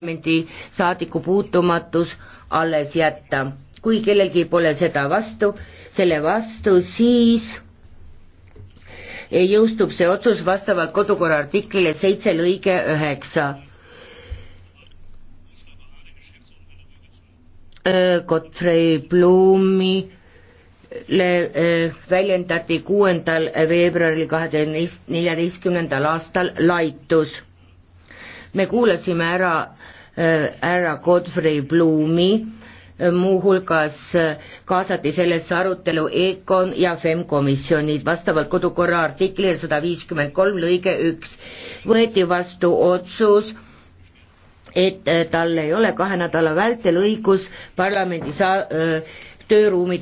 parlamendi saadiku puutumatus alles jätta. kui kellelgi pole seda vastu, selle vastu, siis jõustub see otsus vastavalt kodukorra artiklile seitse lõige üheksa. Äh, Godfrey Blumile äh, väljendati kuuendal veebruaril kahe tuhande neljateistkümnendal aastal laitus me kuulasime ära härra äh, Godfrey Bloomi, äh, muuhulgas äh, kaasati sellesse arutelu EKON ja FEM komisjonid, vastavalt kodukorra artiklile sada viiskümmend kolm lõige üks võeti vastu otsus, et tal ei ole kahe nädala vältel õigus parlamendi saa-, tööruumide